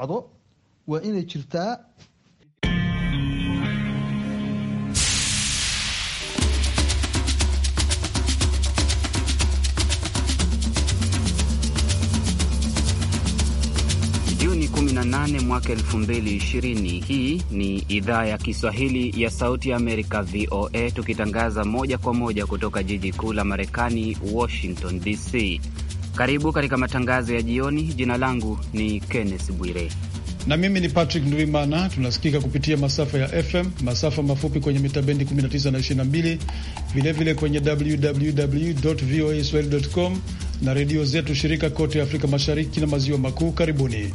dhacdo waa inay jirtaa Juni 18 mwaka 2020. Hii ni idhaa ya Kiswahili ya Sauti ya Amerika, VOA, tukitangaza moja kwa moja kutoka jiji kuu la Marekani, Washington DC. Karibu katika matangazo ya jioni. Jina langu ni Kenneth Bwire na mimi ni Patrick Ndwimana. Tunasikika kupitia masafa ya FM, masafa mafupi kwenye mitabendi 19 na 22, vilevile kwenye www voa swahili com na redio zetu shirika kote Afrika Mashariki na Maziwa Makuu. Karibuni.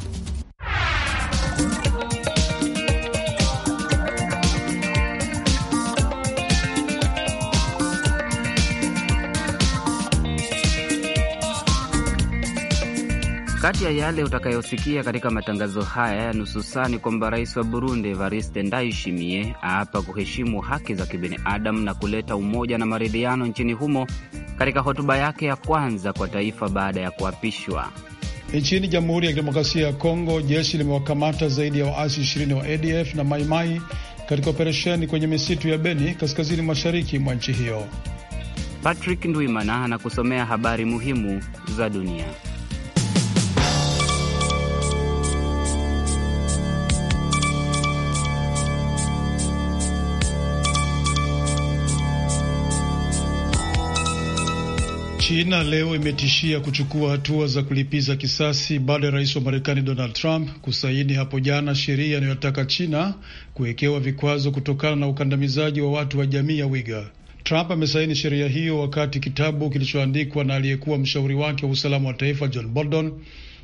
Kati ya yale utakayosikia katika matangazo haya nususani kwamba rais wa Burundi Evariste Ndayishimiye aapa kuheshimu haki za kibinadamu na kuleta umoja na maridhiano nchini humo katika hotuba yake ya kwanza kwa taifa baada ya kuapishwa. Nchini Jamhuri ya Kidemokrasia ya Kongo, jeshi limewakamata zaidi ya waasi ishirini wa ADF na Maimai katika operesheni kwenye misitu ya Beni, kaskazini mashariki mwa nchi hiyo. Patrick Ndwimana anakusomea habari muhimu za dunia. China leo imetishia kuchukua hatua za kulipiza kisasi baada ya rais wa Marekani Donald Trump kusaini hapo jana sheria inayotaka China kuwekewa vikwazo kutokana na ukandamizaji wa watu wa jamii ya Wiga. Trump amesaini sheria hiyo wakati kitabu kilichoandikwa na aliyekuwa mshauri wake wa usalama wa taifa John Bolton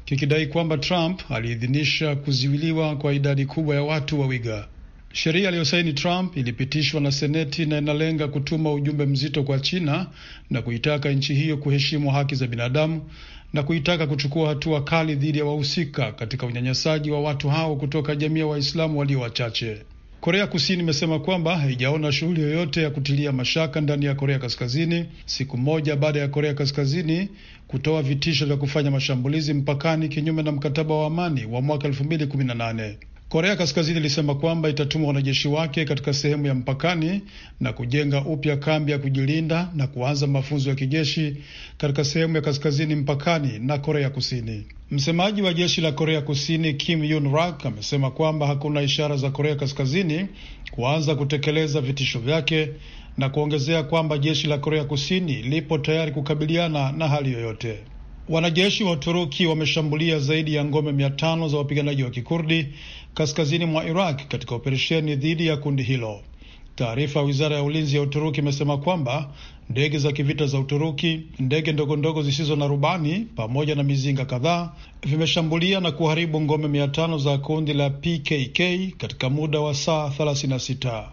kikidai kwamba Trump aliidhinisha kuziwiliwa kwa idadi kubwa ya watu wa Wiga. Sheria aliyosaini Trump ilipitishwa na Seneti na inalenga kutuma ujumbe mzito kwa China na kuitaka nchi hiyo kuheshimu haki za binadamu na kuitaka kuchukua hatua kali dhidi ya wahusika katika unyanyasaji wa watu hao kutoka jamii ya Waislamu walio wachache. Korea Kusini imesema kwamba haijaona shughuli yoyote ya kutilia mashaka ndani ya Korea Kaskazini, siku moja baada ya Korea Kaskazini kutoa vitisho vya kufanya mashambulizi mpakani kinyume na mkataba wa amani wa mwaka elfu mbili kumi na nane. Korea Kaskazini ilisema kwamba itatuma wanajeshi wake katika sehemu ya mpakani na kujenga upya kambi ya kujilinda na kuanza mafunzo ya kijeshi katika sehemu ya kaskazini mpakani na Korea Kusini. Msemaji wa jeshi la Korea Kusini Kim Yun Rak amesema kwamba hakuna ishara za Korea Kaskazini kuanza kutekeleza vitisho vyake na kuongezea kwamba jeshi la Korea Kusini lipo tayari kukabiliana na hali yoyote. Wanajeshi wa Uturuki wameshambulia zaidi ya ngome mia tano za wapiganaji wa kikurdi kaskazini mwa Iraq katika operesheni dhidi ya kundi hilo. Taarifa ya wizara ya ulinzi ya Uturuki imesema kwamba ndege za kivita za Uturuki, ndege ndogondogo zisizo na rubani pamoja na mizinga kadhaa vimeshambulia na kuharibu ngome mia tano za kundi la PKK katika muda wa saa 36.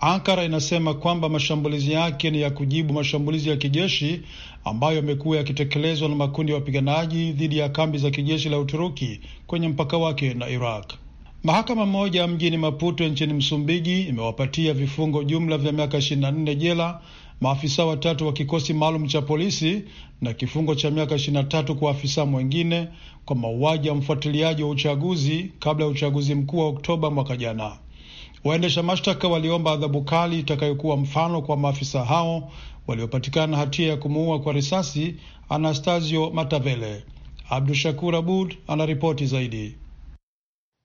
Ankara inasema kwamba mashambulizi yake ni ya kujibu mashambulizi ya kijeshi ambayo yamekuwa yakitekelezwa na makundi ya wapiganaji dhidi ya kambi za kijeshi la Uturuki kwenye mpaka wake na Iraq. Mahakama moja mjini Maputo nchini Msumbiji imewapatia vifungo jumla vya miaka 24 jela maafisa watatu wa kikosi maalum cha polisi na kifungo cha miaka 23 kwa afisa mwengine kwa mauaji ya mfuatiliaji wa uchaguzi kabla ya uchaguzi mkuu wa Oktoba mwaka jana. Waendesha mashtaka waliomba adhabu kali itakayokuwa mfano kwa maafisa hao waliopatikana hatia ya kumuua kwa risasi Anastasio Matavele. Abdu Shakur Abud anaripoti zaidi.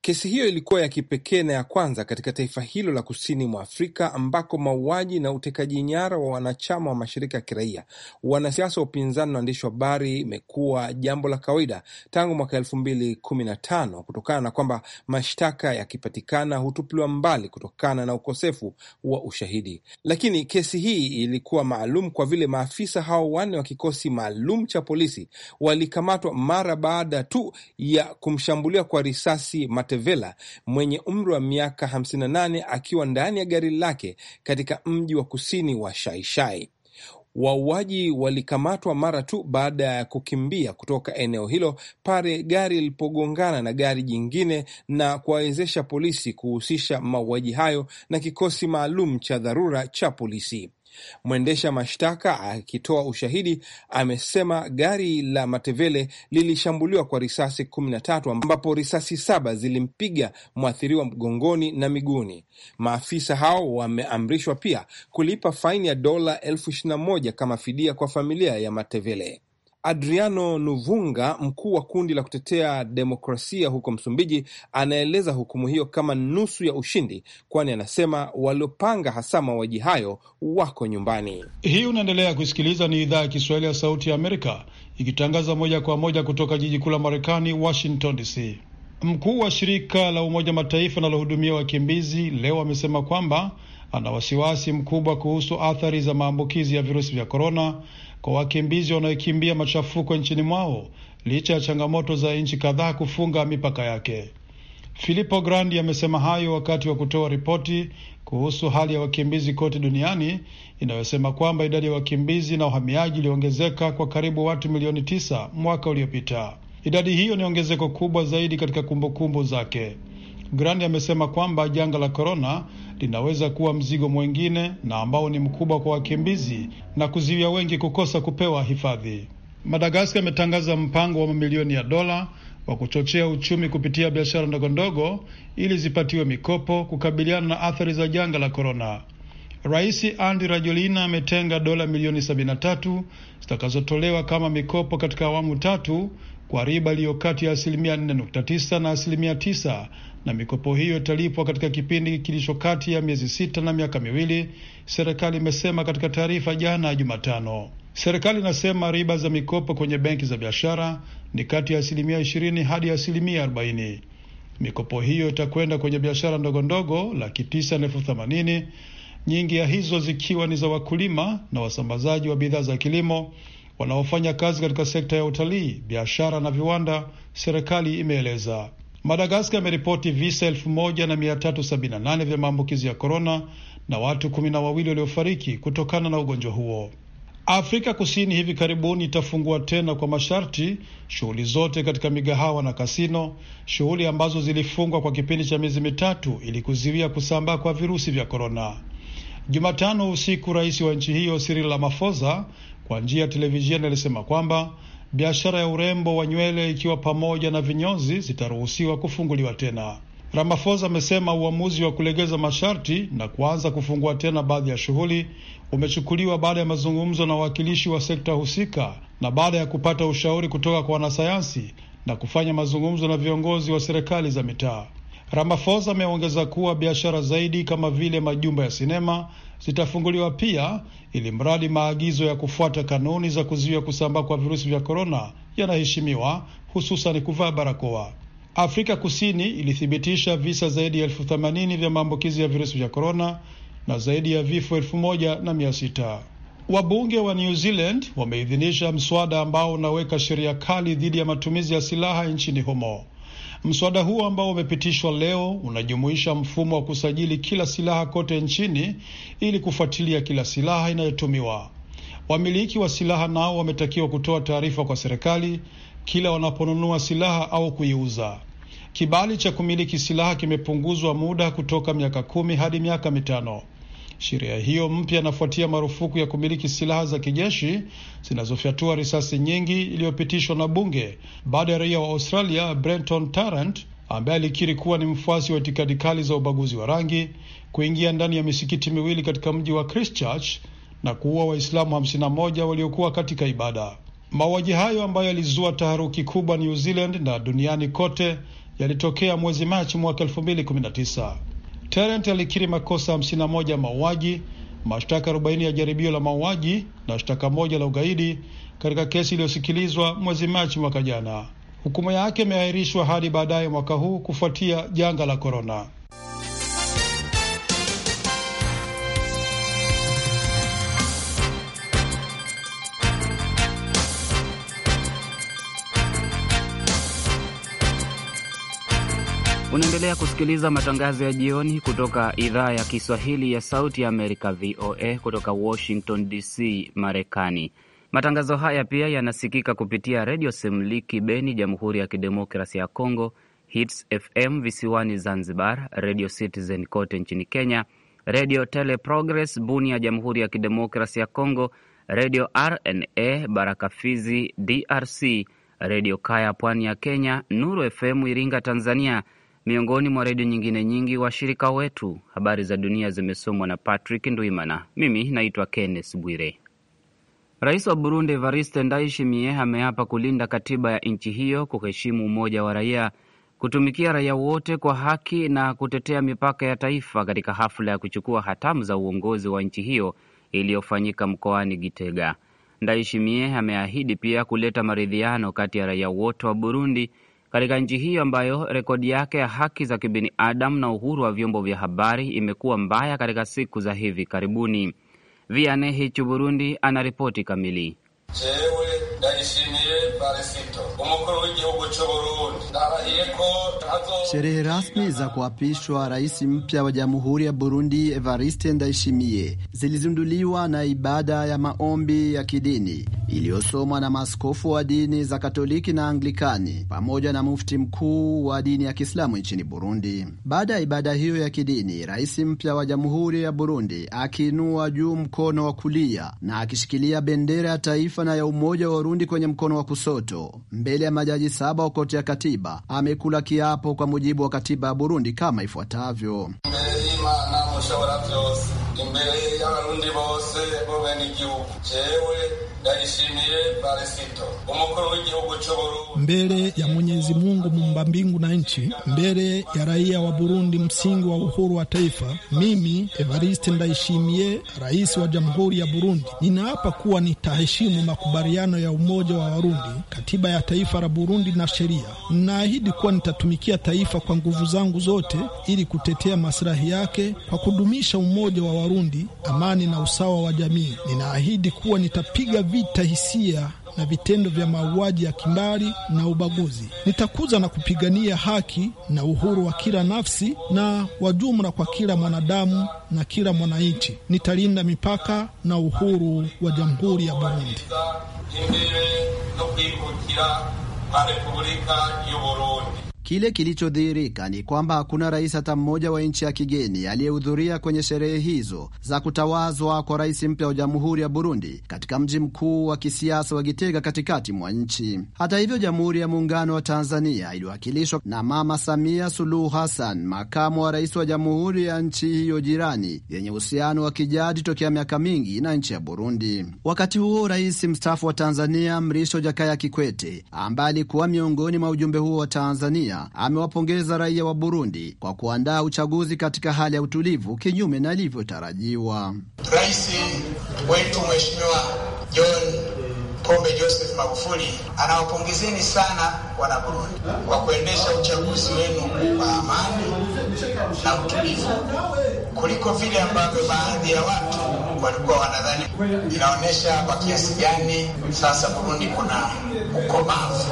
Kesi hiyo ilikuwa ya kipekee na ya kwanza katika taifa hilo la kusini mwa Afrika ambako mauaji na utekaji nyara wa wanachama wa mashirika ya kiraia, wanasiasa wa upinzani na waandishi wa habari imekuwa jambo la kawaida tangu mwaka elfu mbili kumi na tano kutokana na kwamba mashtaka yakipatikana hutupiliwa mbali kutokana na ukosefu wa ushahidi. Lakini kesi hii ilikuwa maalum kwa vile maafisa hao wanne wa kikosi maalum cha polisi walikamatwa mara baada tu ya kumshambulia kwa risasi mate Sevilla mwenye umri wa miaka 58 akiwa ndani ya gari lake katika mji wa kusini wa Shaishai. Wauaji walikamatwa mara tu baada ya kukimbia kutoka eneo hilo pale gari lilipogongana na gari jingine na kuwawezesha polisi kuhusisha mauaji hayo na kikosi maalum cha dharura cha polisi. Mwendesha mashtaka akitoa ushahidi amesema gari la Matevele lilishambuliwa kwa risasi kumi na tatu ambapo risasi saba zilimpiga mwathiriwa mgongoni na miguuni. Maafisa hao wameamrishwa pia kulipa faini ya dola elfu ishirini na moja kama fidia kwa familia ya Matevele. Adriano nuvunga mkuu wa kundi la kutetea demokrasia huko Msumbiji, anaeleza hukumu hiyo kama nusu ya ushindi, kwani anasema waliopanga hasa mauaji hayo wako nyumbani. Hii unaendelea kusikiliza, ni idhaa ya Kiswahili ya Sauti ya Amerika ikitangaza moja kwa moja kutoka jiji kuu la Marekani, Washington DC. Mkuu wa shirika la Umoja Mataifa analohudumia wakimbizi leo amesema kwamba ana wasiwasi mkubwa kuhusu athari za maambukizi ya virusi vya korona kwa wakimbizi wanaokimbia machafuko nchini mwao licha ya changamoto za nchi kadhaa kufunga mipaka yake. Filippo Grandi amesema hayo wakati wa kutoa ripoti kuhusu hali ya wakimbizi kote duniani inayosema kwamba idadi ya wakimbizi na uhamiaji iliongezeka kwa karibu watu milioni tisa mwaka uliopita. Idadi hiyo ni ongezeko kubwa zaidi katika kumbukumbu zake. Grandi amesema kwamba janga la korona linaweza kuwa mzigo mwingine na ambao ni mkubwa kwa wakimbizi na kuziwia wengi kukosa kupewa hifadhi. Madagaskar ametangaza mpango wa mamilioni ya dola wa kuchochea uchumi kupitia biashara ndogondogo ili zipatiwe mikopo kukabiliana na athari za janga la korona. Rais Andi Rajolina ametenga dola milioni 73 zitakazotolewa kama mikopo katika awamu tatu kwa riba iliyo kati ya asilimia 4.9 na asilimia 9 na mikopo hiyo italipwa katika kipindi kilicho kati ya miezi sita na miaka miwili, serikali imesema katika taarifa jana ya Jumatano. Serikali inasema riba za mikopo kwenye benki za biashara ni kati ya asilimia ishirini hadi asilimia arobaini. Mikopo hiyo itakwenda kwenye biashara ndogondogo laki tisa na elfu themanini, nyingi ya hizo zikiwa ni za wakulima na wasambazaji wa bidhaa za kilimo wanaofanya kazi katika sekta ya utalii, biashara na viwanda, serikali imeeleza. Madagaskar ameripoti visa elfu moja na mia tatu sabini na nane vya maambukizi ya korona na watu kumi na wawili waliofariki kutokana na ugonjwa huo. Afrika Kusini hivi karibuni itafungua tena kwa masharti shughuli zote katika migahawa na kasino, shughuli ambazo zilifungwa kwa kipindi cha miezi mitatu ili kuzuia kusambaa kwa virusi vya korona. Jumatano usiku, rais wa nchi hiyo Cyril Ramaphosa kwa njia ya televisheni alisema kwamba Biashara ya urembo wa nywele ikiwa pamoja na vinyozi zitaruhusiwa kufunguliwa tena. Ramaphosa amesema uamuzi wa kulegeza masharti na kuanza kufungua tena baadhi ya shughuli umechukuliwa baada ya mazungumzo na wawakilishi wa sekta husika na baada ya kupata ushauri kutoka kwa wanasayansi na kufanya mazungumzo na viongozi wa serikali za mitaa. Ramaphosa ameongeza kuwa biashara zaidi kama vile majumba ya sinema zitafunguliwa pia, ili mradi maagizo ya kufuata kanuni za kuzuia kusambaa kwa virusi vya korona yanaheshimiwa, hususan kuvaa barakoa. Afrika Kusini ilithibitisha visa zaidi ya elfu themanini vya maambukizi ya virusi vya korona na zaidi ya vifo elfu moja na mia sita. Wabunge wa New Zealand wameidhinisha mswada ambao unaweka sheria kali dhidi ya matumizi ya silaha nchini humo. Mswada huo ambao umepitishwa leo unajumuisha mfumo wa kusajili kila silaha kote nchini ili kufuatilia kila silaha inayotumiwa. Wamiliki wa silaha nao wametakiwa kutoa taarifa kwa serikali kila wanaponunua silaha au kuiuza. Kibali cha kumiliki silaha kimepunguzwa muda kutoka miaka kumi hadi miaka mitano. Sheria hiyo mpya inafuatia marufuku ya kumiliki silaha za kijeshi zinazofyatua risasi nyingi iliyopitishwa na bunge baada ya raia wa Australia Brenton Tarrant ambaye alikiri kuwa ni mfuasi wa itikadi kali za ubaguzi wa rangi kuingia ndani ya misikiti miwili katika mji wa Christchurch na kuua Waislamu 51 waliokuwa katika ibada. Mauaji hayo ambayo yalizua taharuki kubwa New Zealand na duniani kote yalitokea mwezi Machi mwaka Tarrant alikiri makosa 51 mauaji, mashtaka 40 ya jaribio la mauaji na shtaka moja la ugaidi katika kesi iliyosikilizwa mwezi Machi mwaka jana. Hukumu yake imeahirishwa hadi baadaye mwaka huu kufuatia janga la korona. Unaendelea kusikiliza matangazo ya jioni kutoka idhaa ya Kiswahili ya Sauti ya Amerika, VOA, kutoka Washington DC, Marekani. Matangazo haya pia yanasikika kupitia Redio Semliki Beni, Jamhuri ya Kidemokrasia ya Kongo, Hits FM visiwani Zanzibar, Redio Citizen kote nchini Kenya, Redio Teleprogress buni ya Jamhuri ya Kidemokrasia ya Kongo, Redio RNA Baraka Fizi DRC, Redio Kaya pwani ya Kenya, Nuru FM Iringa Tanzania, miongoni mwa redio nyingine nyingi washirika wetu. Habari za dunia zimesomwa na Patrick Ndwimana. Mimi naitwa Kenneth Bwire. Rais wa Burundi Evariste Ndayishimiye ameapa kulinda katiba ya nchi hiyo, kuheshimu umoja wa raia, kutumikia raia wote kwa haki na kutetea mipaka ya taifa, katika hafla ya kuchukua hatamu za uongozi wa nchi hiyo iliyofanyika mkoani Gitega. Ndayishimiye ameahidi pia kuleta maridhiano kati ya raia wote wa Burundi katika nchi hiyo ambayo rekodi yake ya haki za kibinadamu na uhuru wa vyombo vya habari imekuwa mbaya katika siku za hivi karibuni. Vianney Hichu, Burundi, anaripoti kamili Jewe, Sherehe rasmi za kuapishwa rais mpya wa Jamhuri ya Burundi Evariste Ndayishimiye zilizinduliwa na ibada ya maombi ya kidini iliyosomwa na maaskofu wa dini za Katoliki na Anglikani pamoja na mufti mkuu wa dini ya Kiislamu nchini Burundi. Baada ya ibada hiyo ya kidini, rais mpya wa Jamhuri ya Burundi akiinua juu mkono wa kulia na akishikilia bendera ya taifa na ya umoja wa Urundi kwenye mkono wa kushoto Soto mbele ya majaji saba wa koti ya katiba amekula kiapo kwa mujibu wa katiba ya Burundi kama ifuatavyo: mbele ya Mwenyezi Mungu mumba mbingu na nchi, mbele ya raia wa Burundi, msingi wa uhuru wa taifa, mimi Evariste Ndayishimiye, rais wa jamhuri ya Burundi, ninaapa kuwa nitaheshimu makubaliano ya umoja wa Warundi, katiba ya taifa la Burundi na sheria. Ninaahidi kuwa nitatumikia taifa kwa nguvu zangu zote ili kutetea masilahi yake kwa kudumisha umoja wa Warundi, amani na usawa wa jamii. Ninaahidi kuwa nitapiga vita hisia na vitendo vya mauaji ya kimbari na ubaguzi. Nitakuza na kupigania haki na uhuru wa kila nafsi na wa jumla kwa kila mwanadamu na kila mwananchi. Nitalinda mipaka na uhuru wa Jamhuri ya Burundi. Kile kilichodhihirika ni kwamba hakuna rais hata mmoja wa nchi ya kigeni aliyehudhuria kwenye sherehe hizo za kutawazwa kwa rais mpya wa jamhuri ya Burundi katika mji mkuu wa kisiasa wa Gitega, katikati mwa nchi. Hata hivyo, Jamhuri ya Muungano wa Tanzania iliwakilishwa na Mama Samia Suluhu Hassan, makamu wa rais wa jamhuri ya nchi hiyo jirani yenye uhusiano wa kijadi tokea miaka mingi na nchi ya Burundi. Wakati huo rais mstaafu wa Tanzania Mrisho Jakaya Kikwete, ambaye alikuwa miongoni mwa ujumbe huo wa Tanzania Kenya amewapongeza raia wa Burundi kwa kuandaa uchaguzi katika hali ya utulivu kinyume na ilivyotarajiwa. Rais wetu Mheshimiwa John Pombe Joseph Magufuli anawapongezeni sana wana Burundi kwa kuendesha uchaguzi wenu kwa amani na utulivu kuliko vile ambavyo baadhi ya watu walikuwa wanadhani. Inaonyesha kwa kiasi gani sasa Burundi kuna ukomavu,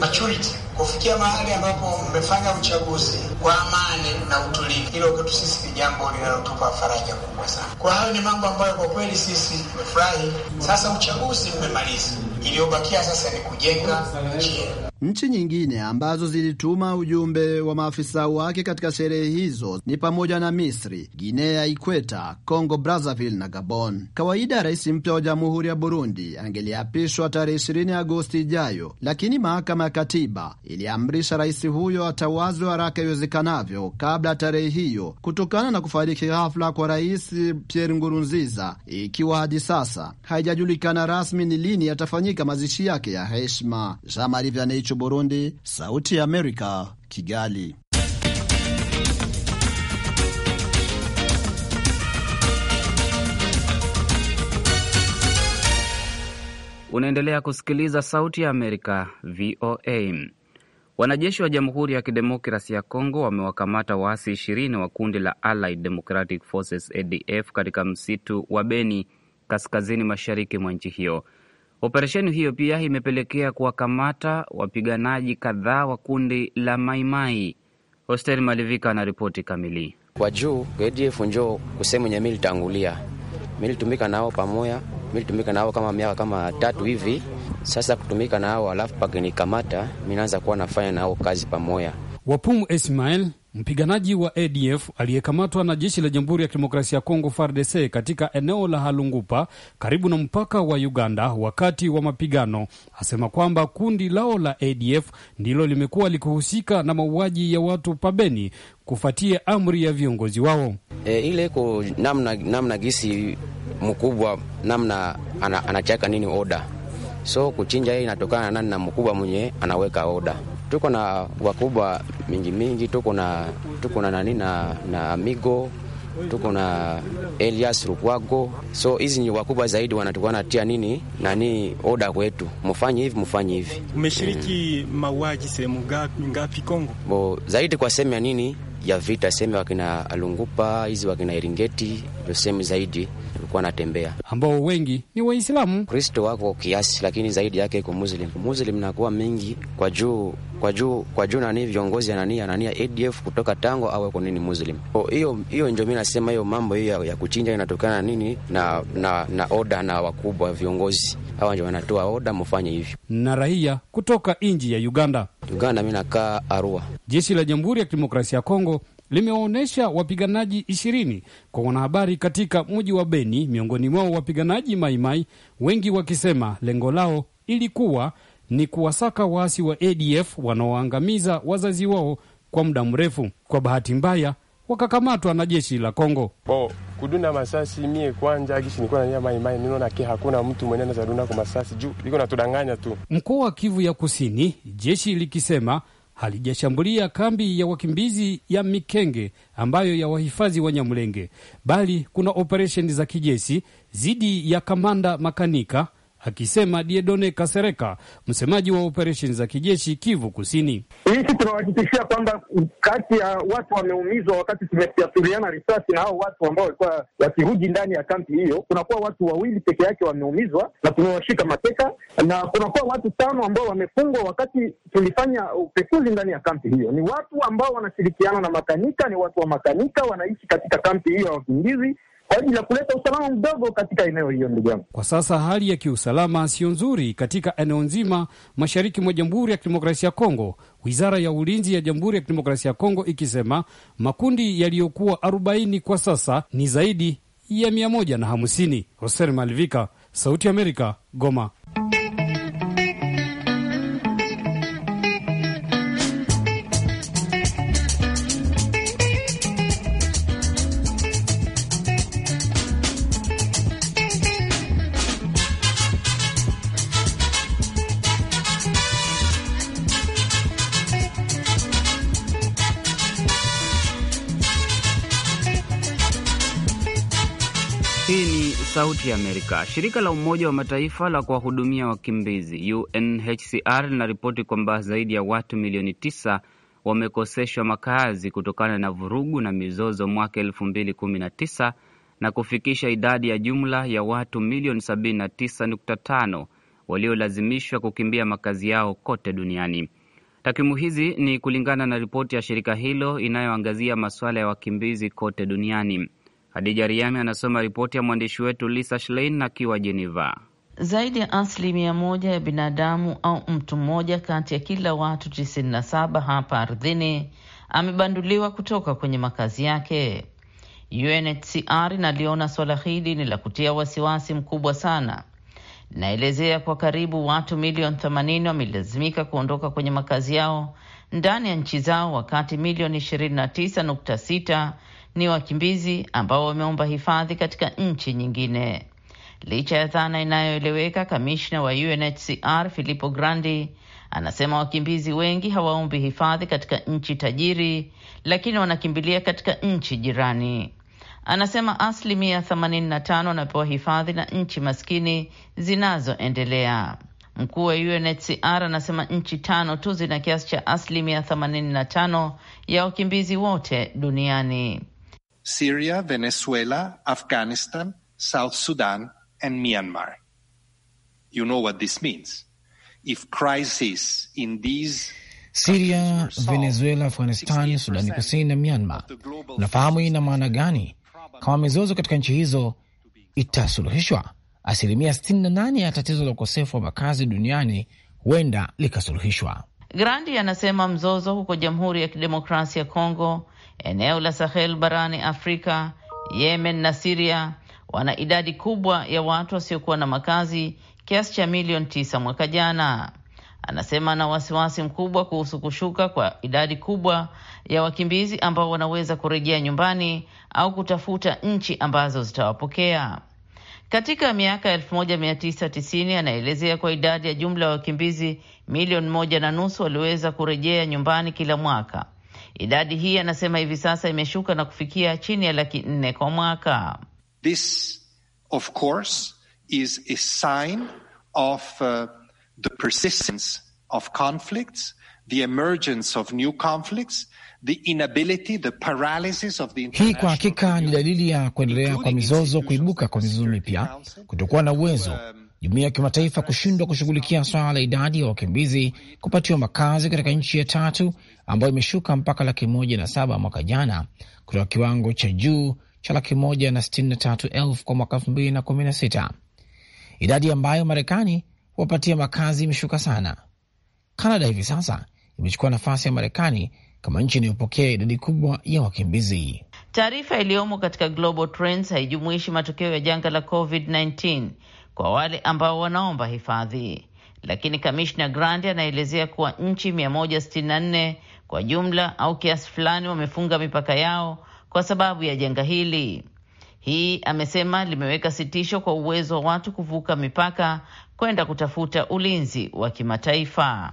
maturity kufikia mahali ambapo mmefanya uchaguzi kwa amani na utulivu. Hilo kwetu sisi ni jambo linalotupa faraja kubwa sana. Kwa hayo ni mambo ambayo kwa kweli sisi tumefurahi. Sasa uchaguzi umemaliza, iliyobakia sasa ni kujenga nchi yetu. Nchi nyingine ambazo zilituma ujumbe wa maafisa wake katika sherehe hizo ni pamoja na Misri, Guinea Ikweta, Congo Brazzaville na Gabon. Kawaida rais mpya wa jamhuri ya Burundi angeliapishwa tarehe 20 Agosti ijayo, lakini mahakama ya katiba iliamrisha rais huyo atawazwe haraka iwezekanavyo kabla ya tarehe hiyo kutokana na kufariki ghafla kwa rais Pierre Ngurunziza, ikiwa hadi sasa haijajulikana rasmi ni lini yatafanyika mazishi yake ya heshima. Burundi, Burundi. Sauti ya Amerika, Kigali. Unaendelea kusikiliza Sauti ya Amerika, VOA. Wanajeshi wa Jamhuri ya Kidemokrasi ya Kongo wamewakamata waasi ishirini wa kundi la Allied Democratic Forces ADF katika msitu wa Beni, kaskazini mashariki mwa nchi hiyo. Operesheni hiyo pia imepelekea kuwakamata wapiganaji kadhaa wa kundi la Maimai. Hostel Malivika anaripoti kamili. Kwa juu KDF njoo kusehemu tangulia militangulia, militumika nao mili militumika nao kama miaka kama tatu hivi sasa kutumika nao, alafu pakinikamata minaanza kuwa nafanya nao kazi pamoya. Wapumu Ismail Mpiganaji wa ADF aliyekamatwa na jeshi la Jamhuri ya Kidemokrasia ya Kongo FARDC katika eneo la Halungupa karibu na mpaka wa Uganda wakati wa mapigano asema kwamba kundi lao la ADF ndilo limekuwa likihusika na mauaji ya watu pabeni kufuatia amri ya viongozi wao. E, ile iko namna, namna gisi mkubwa namna anachaka ana nini oda so kuchinja hii inatokana nani na mkubwa mwenye anaweka oda tuko na wakubwa mingi mingi, tuko na tuko na nani na, na Amigo tuko na Elias Rukwago. So hizi ni wakubwa zaidi wanatuanatia nini nani oda kwetu, mfanye hivi mfanye hivi. Umeshiriki mm, mauaji sehemu ngapi Kongo? Bo, zaidi kwa sehemu ya nini ya vita, seme wakina Alungupa hizi wakina Iringeti ndio sehemu zaidi ilikuwa natembea, ambao wengi ni Waislamu. Kristo wako kiasi, lakini zaidi yake iko Muslim. Muslim nakuwa mingi kwa juu kwa juu kwa juu nani viongozi anania anania ADF kutoka tango au kwa nini Muslim. Hiyo hiyo ndio mimi nasema hiyo mambo hiyo ya, ya kuchinja inatokana nini na na, na oda na wakubwa viongozi hawa ndio wanatoa oda mufanye hivyo. Na raia kutoka nji ya Uganda, Uganda mi nakaa Arua. Jeshi la Jamhuri ya Kidemokrasia ya Kongo limewaonyesha wapiganaji ishirini kwa wanahabari katika mji wa Beni, miongoni mwao wapiganaji Maimai, wengi wakisema lengo lao ilikuwa ni kuwasaka waasi wa ADF wanaoangamiza wazazi wao kwa muda mrefu. Kwa bahati mbaya, wakakamatwa na jeshi la Kongo. Oh kuduna masasi mie kwanja gishi nilikuwa nania mai mai na ke hakuna mtu mwenye anaweza duna kwa masasi juu iko natudanganya tu. Mkoa wa Kivu ya Kusini, jeshi likisema halijashambulia kambi ya wakimbizi ya Mikenge ambayo ya wahifadhi wa Nyamulenge, bali kuna operesheni za kijeshi dhidi ya kamanda Makanika akisema Diedone Kasereka, msemaji wa operesheni za kijeshi Kivu Kusini. Sisi tunawahakikishia kwamba kati ya watu wameumizwa wakati tumefyatuliana risasi na hao watu ambao walikuwa wakirudi ndani ya kampi hiyo, kunakuwa watu wawili peke yake wameumizwa na tumewashika mateka, na kunakuwa watu tano ambao wamefungwa wakati tulifanya upekuzi ndani ya kampi hiyo. Ni watu ambao wanashirikiana na makanika, ni watu wa makanika wanaishi katika kampi hiyo ya wakimbizi kwa ajili kuleta usalama mdogo katika eneo hiyo. Ndugu yangu, kwa sasa hali ya kiusalama sio nzuri katika eneo nzima mashariki mwa Jamhuri ya Kidemokrasia ya Kongo, Wizara ya Ulinzi ya Jamhuri ya Kidemokrasia ya Kongo ikisema makundi yaliyokuwa 40 kwa sasa ni zaidi ya mia moja na hamsini. Hoser Malvika, Sauti Amerika, Goma. Hii ni Sauti ya Amerika. Shirika la Umoja wa Mataifa la kuwahudumia wakimbizi UNHCR linaripoti kwamba zaidi ya watu milioni tisa wamekoseshwa makazi kutokana na vurugu na mizozo mwaka elfu mbili kumi na tisa na kufikisha idadi ya jumla ya watu milioni sabini na tisa nukta tano waliolazimishwa kukimbia makazi yao kote duniani. Takwimu hizi ni kulingana na ripoti ya shirika hilo inayoangazia masuala ya wakimbizi kote duniani. Hadija Riami anasoma ripoti ya mwandishi wetu Lisa Schlein akiwa Jeneva. Zaidi ya asilimia moja ya binadamu au mtu mmoja kati ya kila watu 97 hapa ardhini amebanduliwa kutoka kwenye makazi yake. UNHCR inaliona suala hili ni la kutia wasiwasi mkubwa sana. Linaelezea kwa karibu watu milioni 80 wamelazimika kuondoka kwenye makazi yao ndani ya nchi zao, wakati milioni 29.6 ni wakimbizi ambao wameomba hifadhi katika nchi nyingine. Licha ya dhana inayoeleweka, kamishna wa UNHCR Filippo Grandi anasema wakimbizi wengi hawaombi hifadhi katika nchi tajiri, lakini wanakimbilia katika nchi jirani. Anasema asilimia 85 wanapewa hifadhi na nchi maskini zinazoendelea. Mkuu wa UNHCR anasema nchi tano tu zina kiasi cha asilimia 85 ya wakimbizi wote duniani. Syria, Venezuela, Afghanistan, South Sudan, and Myanmar. You know what this means. If crises in these Siria, Venezuela, Afghanistan, Sudani Kusini na Myanmar, nafahamu ina maana gani? Kama mizozo katika nchi hizo itasuluhishwa, asilimia 68 ya tatizo la ukosefu wa makazi duniani huenda likasuluhishwa. Grandi anasema mzozo huko Jamhuri ya Kidemokrasia ya Kongo, eneo la Sahel barani Afrika, Yemen na Siria wana idadi kubwa ya watu wasiokuwa na makazi kiasi cha milioni tisa mwaka jana. Anasema ana wasiwasi mkubwa kuhusu kushuka kwa idadi kubwa ya wakimbizi ambao wanaweza kurejea nyumbani au kutafuta nchi ambazo zitawapokea. Katika miaka 1990 anaelezea kwa idadi ya jumla ya wakimbizi milioni moja na nusu waliweza kurejea nyumbani kila mwaka. Idadi hii anasema hivi sasa imeshuka na kufikia chini ya laki nne kwa mwaka. This of course is a sign of uh, the persistence of conflicts, the emergence of new conflicts The inability, the paralysis of the hii kwa hakika ni dalili ya kuendelea kwa mizozo, kuibuka kwa mizozo mipya, kutokuwa na uwezo um, jumuiya ya kimataifa kushindwa kushughulikia swala la idadi ya wakimbizi kupatiwa makazi katika nchi ya tatu ambayo imeshuka mpaka laki moja na saba mwaka jana kutoka kiwango cha juu cha laki moja na sitini na tatu elfu kwa mwaka elfu mbili na kumi na sita idadi ambayo Marekani huwapatia makazi imeshuka sana. Kanada hivi sasa imechukua nafasi ya Marekani kama nchi inayopokea idadi kubwa ya wakimbizi. Taarifa iliyomo katika Global Trends haijumuishi matokeo ya janga la COVID-19 kwa wale ambao wanaomba hifadhi, lakini kamishna Grandi anaelezea kuwa nchi 164 kwa jumla au kiasi fulani wamefunga mipaka yao kwa sababu ya janga hili. Hii amesema limeweka sitisho kwa uwezo wa watu kuvuka mipaka kwenda kutafuta ulinzi wa kimataifa.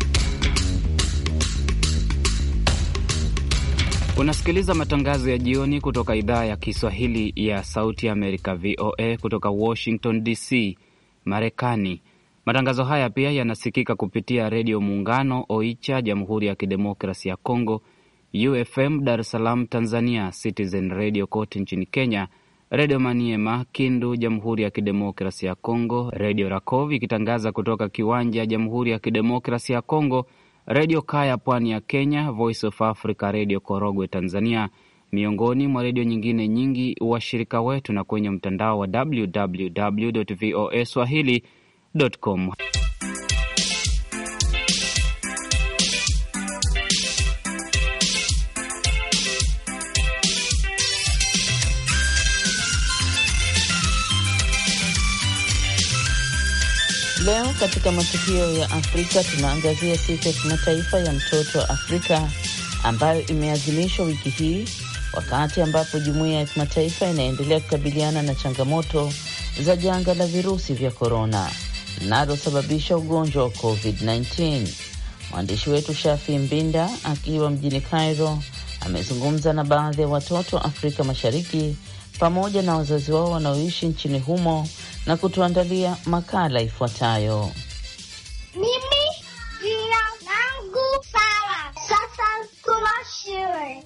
Unasikiliza matangazo ya jioni kutoka idhaa ya Kiswahili ya Sauti Amerika, VOA, kutoka Washington DC, Marekani. Matangazo haya pia yanasikika kupitia Redio Muungano Oicha, Jamhuri ya Kidemokrasi ya Kongo, UFM Dar es Salaam Tanzania, Citizen Radio kote nchini Kenya, Redio Maniema Kindu, Jamhuri ya Kidemokrasi ya Kongo, Redio Rakov ikitangaza kutoka Kiwanja, Jamhuri ya Kidemokrasi ya Kongo, Redio Kaya pwani ya Kenya, Voice of Africa, Redio Korogwe Tanzania, miongoni mwa redio nyingine nyingi washirika wetu, na kwenye mtandao wa www voa swahili com. Leo katika matukio ya Afrika tunaangazia siku ya kimataifa ya mtoto wa Afrika ambayo imeadhimishwa wiki hii, wakati ambapo jumuiya ya kimataifa inaendelea kukabiliana na changamoto za janga la virusi vya korona linalosababisha ugonjwa wa COVID-19. Mwandishi wetu Shafi Mbinda akiwa mjini Cairo amezungumza na baadhi ya watoto wa Afrika Mashariki pamoja na wazazi wao wanaoishi nchini humo na kutuandalia makala ifuatayo. Mimi jina langu Sara, sasa kuna shule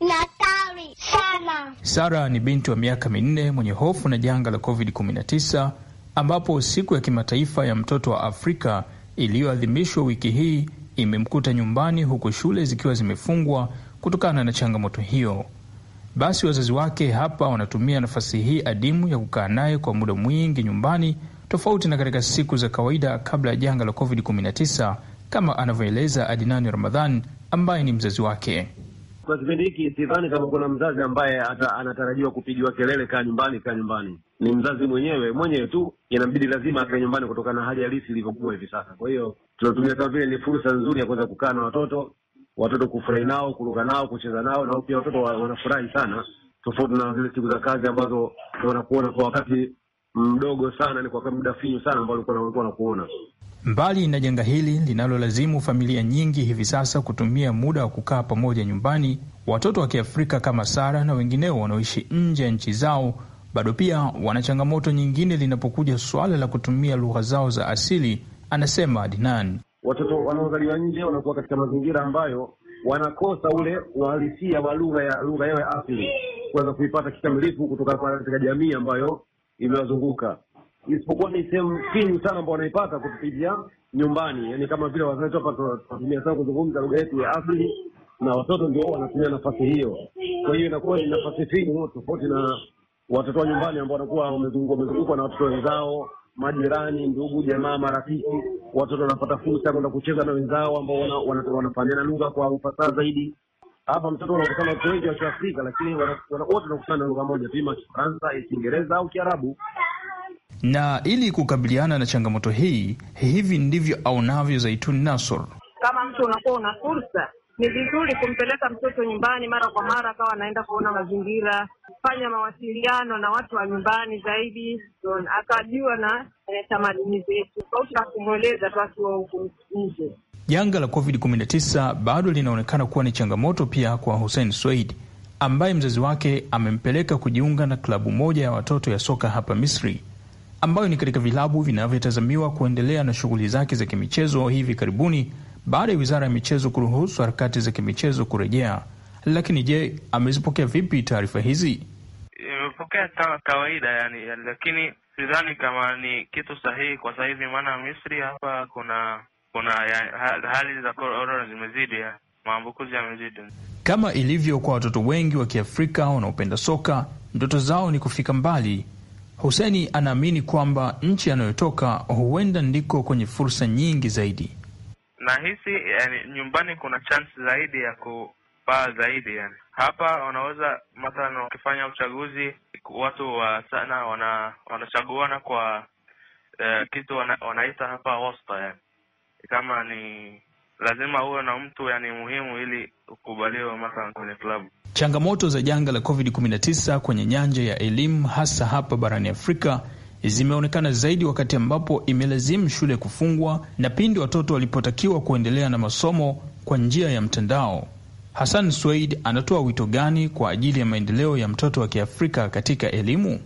natari sana. Sara ni binti wa miaka minne mwenye hofu na janga la COVID-19, ambapo siku ya kimataifa ya mtoto wa Afrika iliyoadhimishwa wiki hii imemkuta nyumbani huku shule zikiwa zimefungwa kutokana na changamoto hiyo basi wazazi wake hapa wanatumia nafasi hii adimu ya kukaa naye kwa muda mwingi nyumbani, tofauti na katika siku za kawaida kabla ya janga la COVID-19, kama anavyoeleza Adinani Ramadhan ambaye ni mzazi wake. Kwa kipindi hiki sidhani kama kuna mzazi ambaye anatarajiwa kupigiwa kelele, kaa nyumbani, kaa nyumbani. Ni mzazi mwenyewe mwenyewe tu, inabidi lazima akae nyumbani kutokana na hali halisi ilivyokuwa hivi sasa. Kwa hiyo tunatumia kama vile ni fursa nzuri ya kuweza kukaa na watoto watoto kufurahi nao, kuruka nao, kucheza nao, nao pia watoto wanafurahi sana, tofauti na zile siku za kazi ambazo wanakuona kwa wakati mdogo sana, ni kwa muda finyu sana ambao walikuwa wanakuona. Mbali na janga hili linalolazimu familia nyingi hivi sasa kutumia muda wa kukaa pamoja nyumbani, watoto wa Kiafrika kama Sara na wengineo wanaoishi nje ya nchi zao bado pia wana changamoto nyingine linapokuja suala la kutumia lugha zao za asili, anasema Adnan watoto wanaozaliwa nje wanakuwa katika mazingira ambayo wanakosa ule uhalisia wa lugha ya lugha yao ya asili kuweza kuipata kikamilifu kutoka katika jamii ambayo imewazunguka, isipokuwa ni sehemu finyu sana ambao wanaipata kupitia nyumbani, yani kama vile wazazi hapa tunatumia sana kuzungumza lugha yetu ya asili na watoto ndio wanatumia nafasi hiyo. Kwa hiyo inakuwa ni nafasi finyu, tofauti na watoto wa nyumbani ambao wanakuwa wamezungukwa na watoto wenzao majirani, ndugu, jamaa, marafiki. Watoto wanapata fursa kwenda kucheza na wenzao ambao wanafanana lugha kwa ufasaha zaidi. Hapa mtoto anakutana watu wengi wa Kiafrika, lakini wote wanakutana na lugha moja, ima Kifaransa, Kiingereza au Kiarabu. Na ili kukabiliana na changamoto hii, hivi ndivyo aonavyo Zaituni Nasor. Kama mtu unakuwa una fursa ni vizuri kumpeleka mtoto nyumbani mara kwa mara, akawa anaenda kuona mazingira, kufanya mawasiliano na watu wa nyumbani zaidi, akajua na tamaduni zetu, tofauti na kumweleza tu akiwa huku nje. Janga la COVID-19 bado linaonekana kuwa ni changamoto pia kwa Hussein Swaid ambaye mzazi wake amempeleka kujiunga na klabu moja ya watoto ya soka hapa Misri ambayo ni katika vilabu vinavyotazamiwa kuendelea na shughuli zake za kimichezo hivi karibuni baada ya wizara ya michezo kuruhusu harakati za kimichezo kurejea. Lakini je, amezipokea vipi taarifa hizi? Imepokea kama kawaida yani, yani, lakini sidhani kama ni kitu sahihi kwa sasa hivi, maana Misri hapa kuna kuna ya, hali za korona zimezidi, maambukizi yamezidi. Kama ilivyo kwa watoto wengi wa Kiafrika wanaopenda soka, ndoto zao ni kufika mbali. Huseni anaamini kwamba nchi anayotoka huenda ndiko kwenye fursa nyingi zaidi nahisi yani, nyumbani kuna chance zaidi ya kupaa zaidi yani. Hapa wanaweza mathalan, wakifanya uchaguzi watu wa sana wana, wanachaguana kwa eh, kitu wana, wanaita hapa wasta yani, kama ni lazima huwe na mtu yani muhimu ili ukubaliwe mathalan kwenye klabu. Changamoto za janga la COVID-19 kwenye nyanja ya elimu hasa hapa barani Afrika zimeonekana zaidi wakati ambapo imelazimu shule kufungwa na pindi watoto walipotakiwa kuendelea na masomo kwa njia ya mtandao. Hassan Sweid anatoa wito gani kwa ajili ya maendeleo ya mtoto wa Kiafrika katika elimu?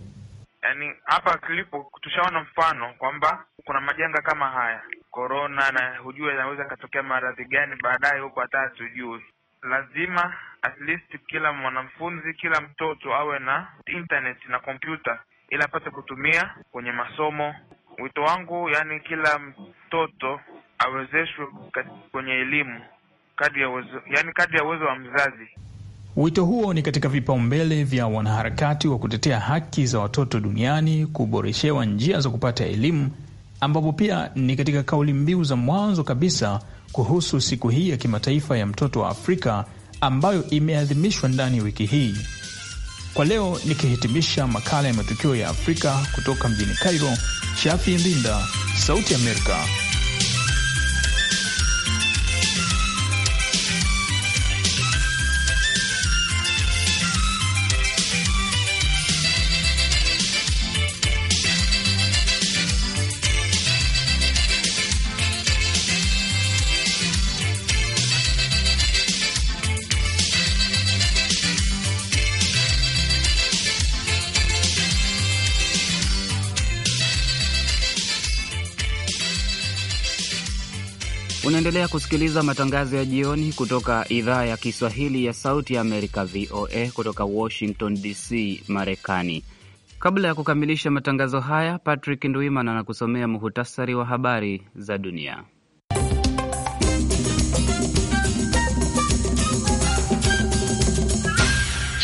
Yani hapa tulipo tushaona mfano kwamba kuna majanga kama haya, korona, na hujue inaweza akatokea maradhi gani baadaye huko, hata hatujui. Lazima at least kila mwanafunzi, kila mtoto awe na internet na kompyuta ili apate kutumia kwenye masomo. Wito wangu yani, kila mtoto awezeshwe kwenye elimu kadri ya uwezo, yani kadri ya uwezo wa mzazi. Wito huo ni katika vipaumbele vya wanaharakati wa kutetea haki za watoto duniani kuboreshewa njia za kupata elimu, ambapo pia ni katika kauli mbiu za mwanzo kabisa kuhusu siku hii ya kimataifa ya mtoto wa Afrika ambayo imeadhimishwa ndani ya wiki hii. Kwa leo nikihitimisha makala ya matukio ya Afrika kutoka mjini Cairo, Shafi Mbinda, Sauti Amerika. Unaendelea kusikiliza matangazo ya jioni kutoka idhaa ya Kiswahili ya Sauti ya Amerika, VOA, kutoka Washington DC, Marekani. Kabla ya kukamilisha matangazo haya, Patrick Ndwimana anakusomea muhutasari wa habari za dunia.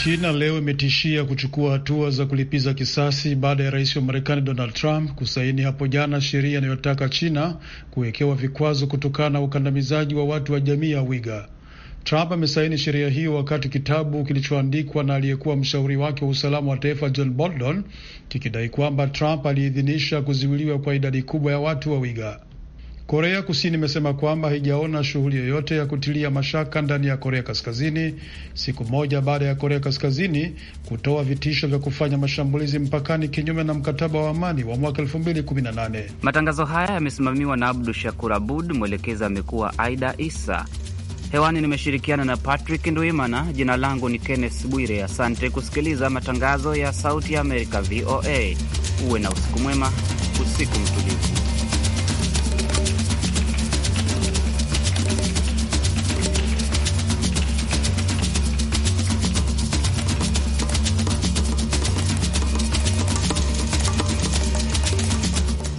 China leo imetishia kuchukua hatua za kulipiza kisasi baada ya rais wa Marekani Donald Trump kusaini hapo jana sheria inayotaka China kuwekewa vikwazo kutokana na ukandamizaji wa watu wa jamii ya Wiga. Trump amesaini sheria hiyo wakati kitabu kilichoandikwa na aliyekuwa mshauri wake wa usalama wa taifa John Bolton kikidai kwamba Trump aliidhinisha kuziwiliwa kwa idadi kubwa ya watu wa Wiga. Korea Kusini imesema kwamba haijaona shughuli yoyote ya kutilia mashaka ndani ya Korea Kaskazini, siku moja baada ya Korea Kaskazini kutoa vitisho vya kufanya mashambulizi mpakani kinyume na mkataba wa amani wa mwaka 2018. Matangazo haya yamesimamiwa na Abdu Shakur Abud, mwelekezi amekuwa Aida Isa. Hewani nimeshirikiana na Patrick Ndwimana. Jina langu ni Kenneth Bwire. Asante kusikiliza matangazo ya Sauti ya Amerika, VOA. Uwe na usiku mwema, usiku mtulivu.